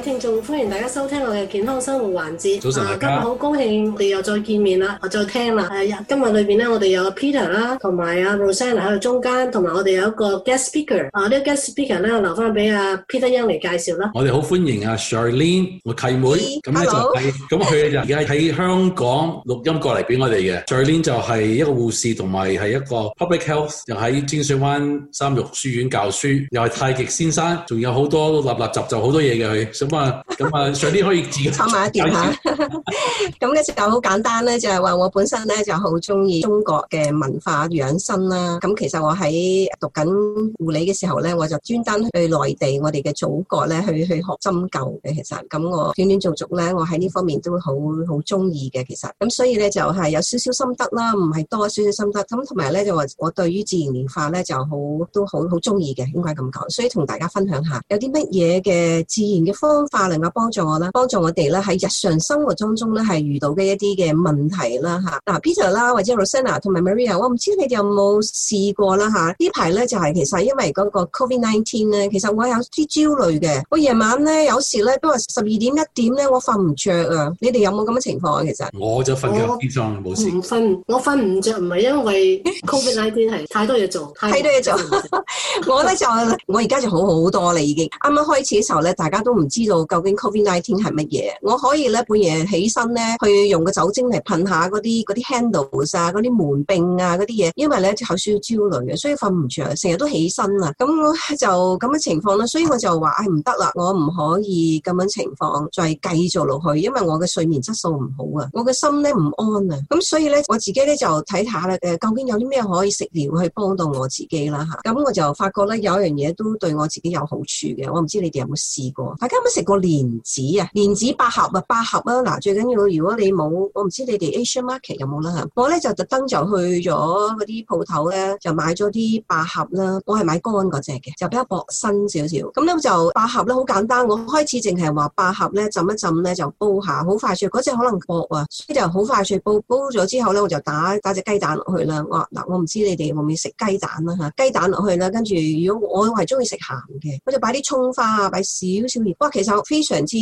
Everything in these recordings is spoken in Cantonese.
聽眾，歡迎大家收聽我嘅健康生活環節。早晨，大家今日好高興，我哋又再見面啦，我再聽啦。今日裏邊咧，我哋有 Peter 啦，同埋阿 Rosanna 喺中間，同埋我哋有一個 guest speaker。啊，這個、呢個 guest speaker 咧，我留翻俾阿 Peter Yang 嚟介紹啦。我哋好歡迎阿 Charlene，我契妹。咁咧 Hey. 就係、是、咁，佢就而家喺香港錄 音過嚟俾我哋嘅。Charlene 就係一個護士，同埋係一個 public health，又喺尖水灣三育書院教書，又係太極先生，仲有好多立立雜雜好多嘢嘅佢。咁啊，嗯、上啲可以自己插埋一段吓，咁嘅時候好簡單咧，就係話我本身咧就好中意中國嘅文化養生啦。咁其實我喺讀緊護理嘅時候咧，我就專登去內地，我哋嘅祖國咧去去學針灸嘅。其實咁我斷斷續續咧，我喺呢方面都好好中意嘅。其實咁所以咧就係有少少心得啦，唔係多少少心得。咁同埋咧就話我對於自然療法咧就好都好好中意嘅。應該咁講，所以同大家分享下有啲乜嘢嘅自然嘅方化能夠幫助我啦，幫助我哋啦，喺日常生活當中咧，係遇到嘅一啲嘅問題啦吓嗱，Peter 啦，或者 Rosanna 同埋 Maria，我唔知你哋有冇試過啦吓，呢排咧就係其實因為嗰個 COVID nineteen 咧，19，其實我有啲焦慮嘅。我夜晚咧有時咧都係十二點一點咧，我瞓唔着啊。你哋有冇咁嘅情況啊？其實我就瞓著，冇事。唔瞓，我瞓唔着，唔係因為 COVID nineteen 係太多嘢做，太多嘢做。我咧就我而家就好好多啦，已經啱啱開始嘅時候咧，大家都唔知。究竟 Covid Nineteen 係乜嘢？我可以咧半夜起身咧，去用個酒精嚟噴下嗰啲嗰啲 handles 啊，嗰啲門柄啊，嗰啲嘢，因為咧有少少焦慮嘅，所以瞓唔着，成日都起身啊。咁我就咁嘅情況啦，所以我就話唉，唔得啦，我唔可以咁樣情況再繼續落去，因為我嘅睡眠質素唔好啊，我嘅心咧唔安啊。咁所以咧，我自己咧就睇下啦，誒，究竟有啲咩可以食療去幫到我自己啦嚇。咁我就發覺咧有一樣嘢都對我自己有好處嘅，我唔知你哋有冇試過，大家食個蓮子，子啊，蓮子百合啊，百合啊，嗱，最緊要如果你冇，我唔知你哋 Asian market 有冇啦吓。我咧就特登就去咗嗰啲鋪頭咧，就買咗啲百合啦。我係買乾嗰隻嘅，就比較薄身少少。咁咧就百合咧好簡單，我開始淨係話百合咧浸一浸咧就煲下，好快脆。嗰隻可能薄啊，所以就好快脆煲。煲咗之後咧，我就打打隻雞蛋落去啦。我話嗱，我唔知你哋會唔會食雞蛋啦吓，雞蛋落去啦，跟住如果我係中意食鹹嘅，我就擺啲蔥花啊，擺少少鹽。哇，其就非常之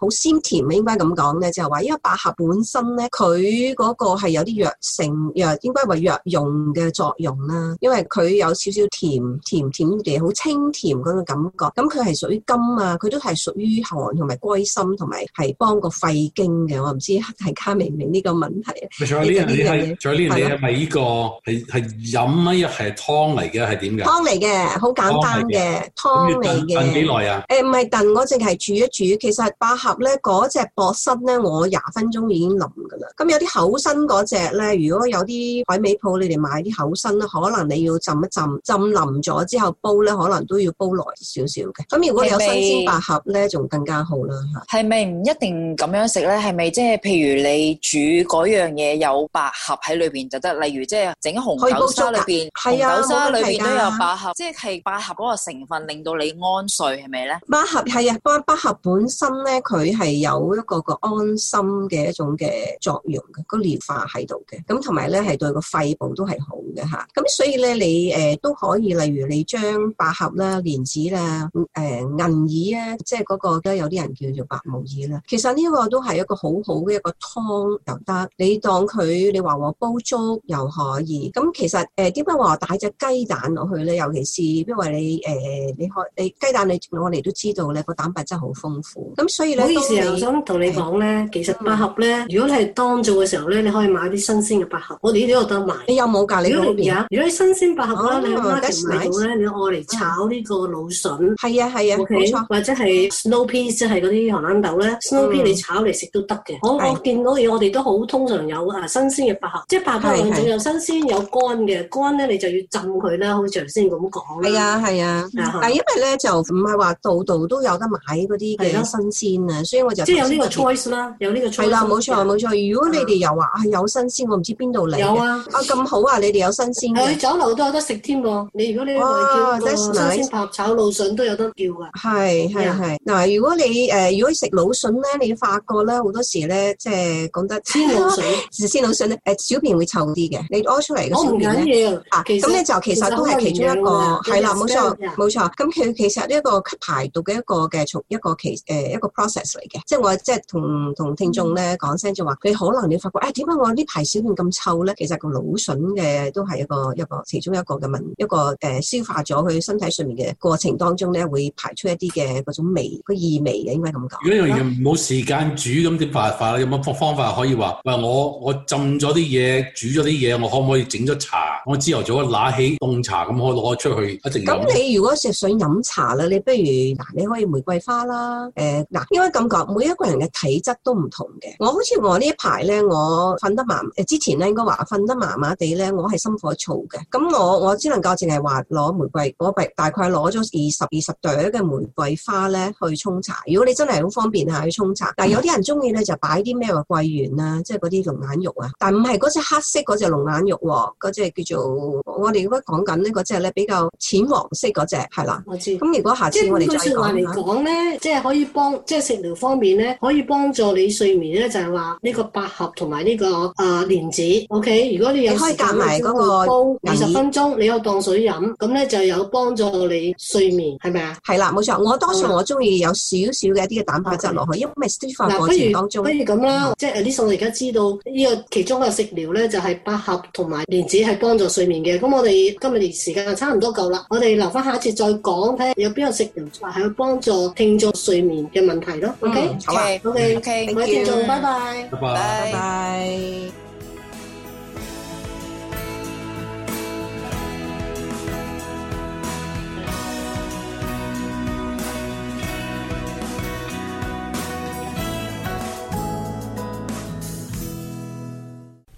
好鮮甜，應該咁講咧，就係話，因為百合本身咧，佢嗰個係有啲藥性，藥應該話藥用嘅作用啦。因為佢有少少甜，甜甜嘅，好清甜嗰個感覺。咁佢係屬於甘啊，佢都係屬於寒，同埋歸心，同埋係幫個肺經嘅。我唔知大家明唔明呢個問題。仲有呢樣嘢，你係仲有呢樣嘢？你係咪呢個係係飲乜嘢？係湯嚟嘅，係點嘅？湯嚟嘅，好簡單嘅湯嚟嘅。燉幾耐啊？誒頓，唔係燉嗰隻，係煮一煮，其實百合咧嗰隻薄身咧，我廿分鐘已經淋噶啦。咁有啲厚身嗰隻咧，如果有啲海味鋪，你哋買啲厚身咧，可能你要浸一浸，浸淋咗之後煲咧，可能都要煲耐少少嘅。咁如果你有新鮮百合咧，仲更加好啦。係咪唔一定咁樣食咧？係咪即係譬如你煮嗰樣嘢有百合喺裏邊就得？例如即係整紅豆煲，裏邊，紅豆沙裏邊都有百合，係啊、即係百合嗰個成分令到你安睡係咪咧？是是呢百合係啊。百合本身咧，佢係有一個一個安心嘅一種嘅作用嘅，個療化喺度嘅，咁同埋咧係對個肺部都係好嘅嚇。咁所以咧，你誒、呃、都可以，例如你將百合啦、蓮子啦、誒、呃、銀耳啊，即係嗰、那個都有啲人叫做白木耳啦，其實呢個都係一個好好嘅一個湯又得。你當佢你話我煲粥又可以。咁其實誒點解話帶隻雞蛋落去咧？尤其是因為你誒、呃、你可你雞蛋你我哋都知道咧、那個蛋白。真係好豐富。咁所以咧，唔好意思啊，想同你講咧，其實百合咧，如果你係當做嘅時候咧，你可以買啲新鮮嘅百合。我哋呢度有得賣。你有冇隔離老邊？如果你新鮮百合啦，你阿媽同你買到咧，你愛嚟炒呢個蘆筍。係啊係啊，冇錯。或者係 snow peas，即係嗰啲荷蘭豆咧，snow peas 你炒嚟食都得嘅。我我見到嘢，我哋都好通常有啊，新鮮嘅百合，即係百合兩種，有新鮮有乾嘅。乾咧你就要浸佢啦，好似頭先咁講。係啊係啊，但係因為咧就唔係話度度都有得買嗰啲幾新鮮啊，所以我就即係有呢個 choice 啦，有呢個 choice 啦，冇錯冇錯。如果你哋又話啊有新鮮，我唔知邊度嚟。有啊啊咁好啊！你哋有新鮮嘅酒樓都有得食添。你如果你外叫新鮮扒炒蘆筍都有得叫啊。係係係嗱，如果你誒如果食蘆筍咧，你發覺咧好多時咧即係講得鮮蘆筍，鮮蘆筍咧誒小便會臭啲嘅，你屙出嚟嘅小便咧啊咁你就其實都係其中一個係啦，冇錯冇錯。咁佢其實呢一個排毒嘅一個嘅。一個其誒、呃、一個 process 嚟嘅，即係我即係同同聽眾咧講聲，聲就話、是、佢可能你發覺，誒點解我片呢排小便咁臭咧？其實個蘆筍嘅都係一個一個其中一個嘅問，一個、呃、消化咗佢身體上面嘅過程當中咧，會排出一啲嘅嗰種味，個異味嘅，應該咁講。如果嘢冇時間煮，咁點辦法有冇方法可以話，喂，我我浸咗啲嘢，煮咗啲嘢，我可唔可以整咗茶？我朝頭早一攞起凍茶咁，可攞出去一直。咁你如果食想飲茶啦，你不如嗱，你可以玫瑰花啦。誒、呃、嗱，應該咁講，每一個人嘅體質都唔同嘅。我好似我呢排咧，我瞓得麻誒，之前咧應該話瞓得麻麻地咧，我係心火燥嘅。咁我我只能夠淨係話攞玫瑰，我大概攞咗二十二十朵嘅玫瑰花咧去沖茶。如果你真係好方便下去沖茶，嗯、但有啲人中意咧就擺啲咩話桂圓啦，即係嗰啲龍眼肉啊。但唔係嗰隻黑色嗰隻龍眼肉喎，嗰隻叫。做我哋應該講緊呢個隻咧，比較淺黃色嗰隻係啦，我知，咁如果下次我哋再話嚟講咧，即係可以幫即係食療方面咧，可以幫助你睡眠咧，就係話呢個百合同埋呢個啊蓮子。O K，如果你有時間，你埋嗰個煲二十分鐘，你有當水飲，咁咧就有幫助你睡眠，係咪啊？係啦，冇錯。我多數我中意有少少嘅一啲嘅蛋白質落去，因為消化過程夠做。不如不如咁啦，即係呢餸我而家知道呢個其中嘅食療咧，就係百合同埋蓮子係幫。助睡眠嘅，咁我哋今日嘅時間差唔多夠啦，我哋留翻下一次再講，睇下有邊個食療係去幫助聽眾睡眠嘅問題咯。OK，好 o k OK，再見，聽眾，拜拜，拜拜。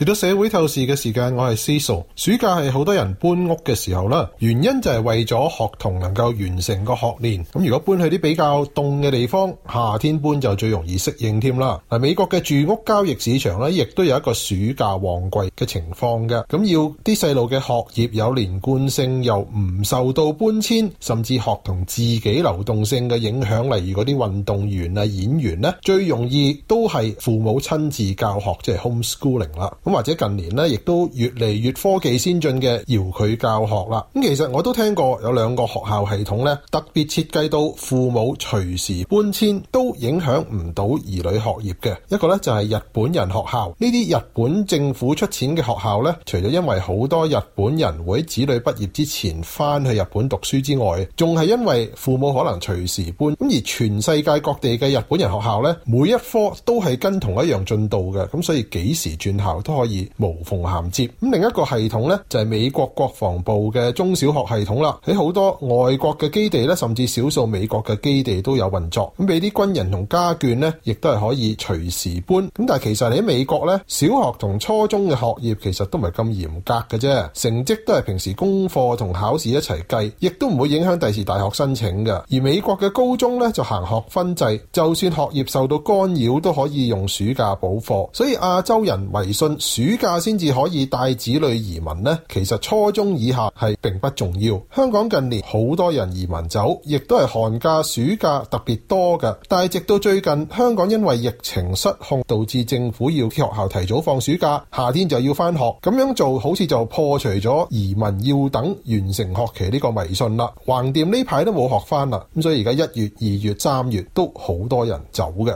嚟到社會透視嘅時間，我係 Cecil。暑假係好多人搬屋嘅時候啦，原因就係為咗學童能夠完成個學年。咁如果搬去啲比較凍嘅地方，夏天搬就最容易適應添啦。嗱，美國嘅住屋交易市場咧，亦都有一個暑假旺季嘅情況嘅。咁要啲細路嘅學業有連貫性，又唔受到搬遷甚至學童自己流動性嘅影響。例如嗰啲運動員啊、演員咧，最容易都係父母親自教學，即係 homeschooling 啦。或者近年咧，亦都越嚟越科技先進嘅遙距教學啦。咁其實我都聽過有兩個學校系統咧，特別設計到父母隨時搬遷都影響唔到兒女學業嘅。一個咧就係日本人學校，呢啲日本政府出錢嘅學校咧，除咗因為好多日本人會喺子女畢業之前翻去日本讀書之外，仲係因為父母可能隨時搬，咁而全世界各地嘅日本人學校咧，每一科都係跟同一樣進度嘅，咁所以幾時轉校都。可以無縫銜接。咁另一個系統咧，就係美國國防部嘅中小學系統啦。喺好多外國嘅基地咧，甚至少數美國嘅基地都有運作。咁俾啲軍人同家眷咧，亦都係可以隨時搬。咁但係其實喺美國咧，小學同初中嘅學業其實都唔係咁嚴格嘅啫，成績都係平時功課同考試一齊計，亦都唔會影響第時大學申請嘅。而美國嘅高中咧就行學分制，就算學業受到干擾，都可以用暑假補課。所以亞洲人迷信暑假先至可以帶子女移民呢，其實初中以下係並不重要。香港近年好多人移民走，亦都係寒假、暑假特別多嘅。但係直到最近，香港因為疫情失控，導致政府要學校提早放暑假，夏天就要翻學，咁樣做好似就破除咗移民要等完成學期呢個迷信啦。橫掂呢排都冇學翻啦，咁所以而家一月、二月、三月都好多人走嘅。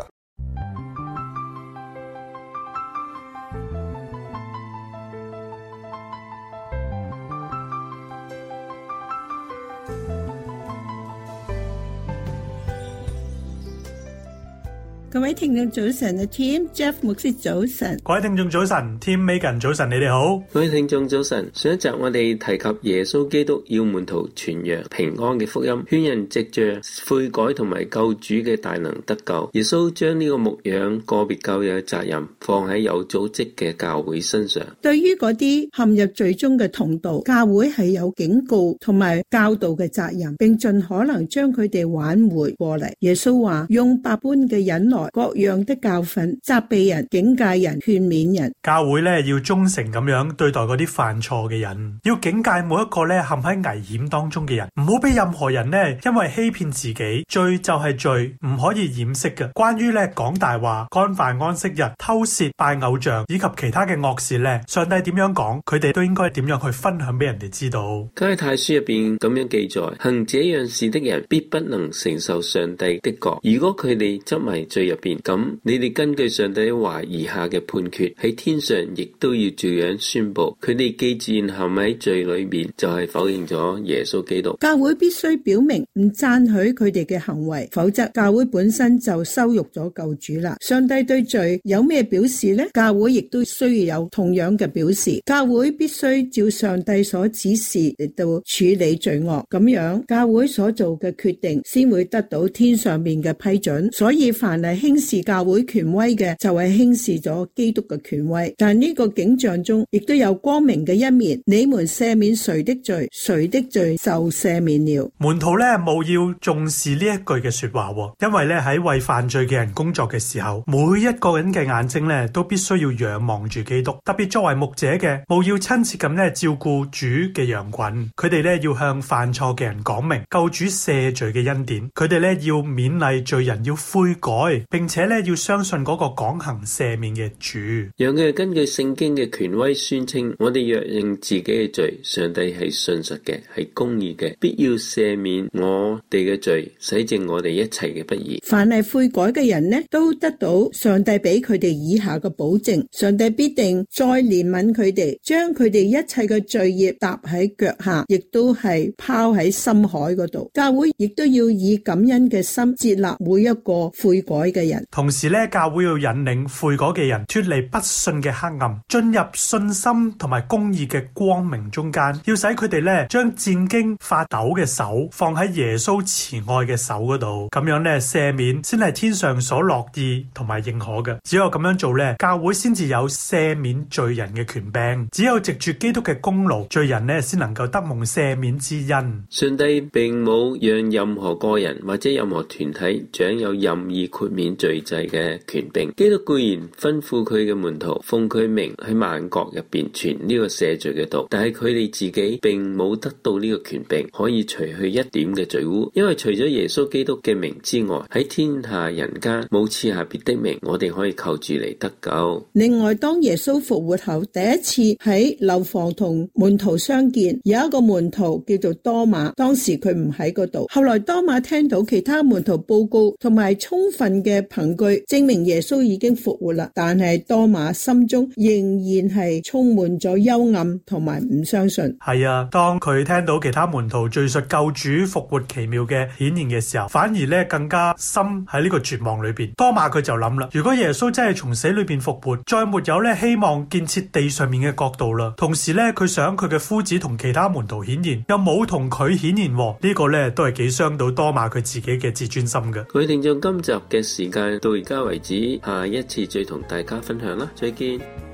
各位聽眾早晨，阿 Tim、Jeff 牧師早晨，各位聽眾早晨，Tim、Megan 早晨，你哋好，各位聽眾早晨。上一集我哋提及耶穌基督要門徒傳揚平安嘅福音，勸人藉著悔改同埋救主嘅大能得救。耶穌將呢個牧養個別教友嘅責任放喺有組織嘅教會身上。對於嗰啲陷入最終嘅同道，教會係有警告同埋教導嘅責任，並盡可能將佢哋挽回過嚟。耶穌話用百般嘅忍耐。各樣的教訓，責備人、警戒人、勸勉人。教會咧，要忠誠咁樣對待嗰啲犯錯嘅人，要警戒每一個咧，陷喺危險當中嘅人，唔好俾任何人呢，因為欺騙自己，罪就係罪，唔可以掩飾嘅。關於咧，講大話、干犯安息日、偷竊、拜偶像以及其他嘅惡事呢，上帝點樣講，佢哋都應該點樣去分享俾人哋知道。喺《太書》入邊咁樣記載，行這樣事的人必不能承受上帝的國。如果佢哋執迷罪人。咁你哋根據上帝的話而下嘅判決喺天上亦都要照樣宣布，佢哋既自認陷喺罪裏面，就係、是、否認咗耶穌基督。教會必須表明唔贊許佢哋嘅行為，否則教會本身就羞辱咗救主啦。上帝對罪有咩表示呢？教會亦都需要有同樣嘅表示。教會必須照上帝所指示嚟到處理罪惡，咁樣教會所做嘅決定先會得到天上面嘅批准。所以凡係。輕視教會權威嘅就係輕視咗基督嘅權威。但係呢個景象中，亦都有光明嘅一面。你們赦免誰的罪，誰的罪就赦免了。門徒咧，冇要重視呢一句嘅說話，因為咧喺為犯罪嘅人工作嘅時候，每一個人嘅眼睛咧都必須要仰望住基督。特別作為牧者嘅，冇要親切咁咧照顧主嘅羊群。佢哋咧要向犯錯嘅人講明救主赦罪嘅恩典。佢哋咧要勉勵罪人要悔改。並且咧要相信嗰個講行赦免嘅主，讓佢根據聖經嘅權威宣稱：我哋若認自己嘅罪，上帝係信實嘅，係公義嘅，必要赦免我哋嘅罪，洗淨我哋一切嘅不義。凡係悔改嘅人呢，都得到上帝俾佢哋以下嘅保證：上帝必定再憐憫佢哋，將佢哋一切嘅罪孽踏喺腳下，亦都係拋喺深海嗰度。教會亦都要以感恩嘅心接納每一個悔改嘅。同時咧，教會要引領悔改嘅人脫離不信嘅黑暗，進入信心同埋公義嘅光明中間。要使佢哋咧將戰兢發抖嘅手放喺耶穌慈愛嘅手嗰度，咁樣咧赦免先係天上所樂意同埋認可嘅。只有咁樣做咧，教會先至有赦免罪人嘅權柄。只有藉住基督嘅功勞，罪人呢先能夠得蒙赦免之恩。上帝並冇讓任何個人或者任何團體掌有任意豁免罪制嘅權柄，基督固然吩咐佢嘅門徒奉佢名喺萬國入邊傳呢個赦罪嘅道，但係佢哋自己並冇得到呢個權柄，可以除去一點嘅罪污，因為除咗耶穌基督嘅名之外，喺天下人間冇賜下別的名，我哋可以靠住嚟得救。另外，當耶穌復活後，第一次喺樓房同門徒相見，有一個門徒叫做多馬，當時佢唔喺嗰度，後來多馬聽到其他門徒報告同埋充分嘅憑據證明耶穌已經復活啦，但係多馬心中仍然係充滿咗幽暗同埋唔相信。係啊，當佢聽到其他門徒敘述救主復活奇妙嘅顯現嘅時候，反而咧更加深喺呢個絕望裏邊。多馬佢就諗啦，如果耶穌真係從死裏邊復活，再沒有咧希望建設地上面嘅角度啦。同時咧，佢想佢嘅夫子同其他門徒顯現，又冇同佢顯現，這個、呢個咧都係幾傷到多馬佢自己嘅自尊心嘅。佢定咗今集嘅事。時間到而家為止，下一次再同大家分享啦，再見。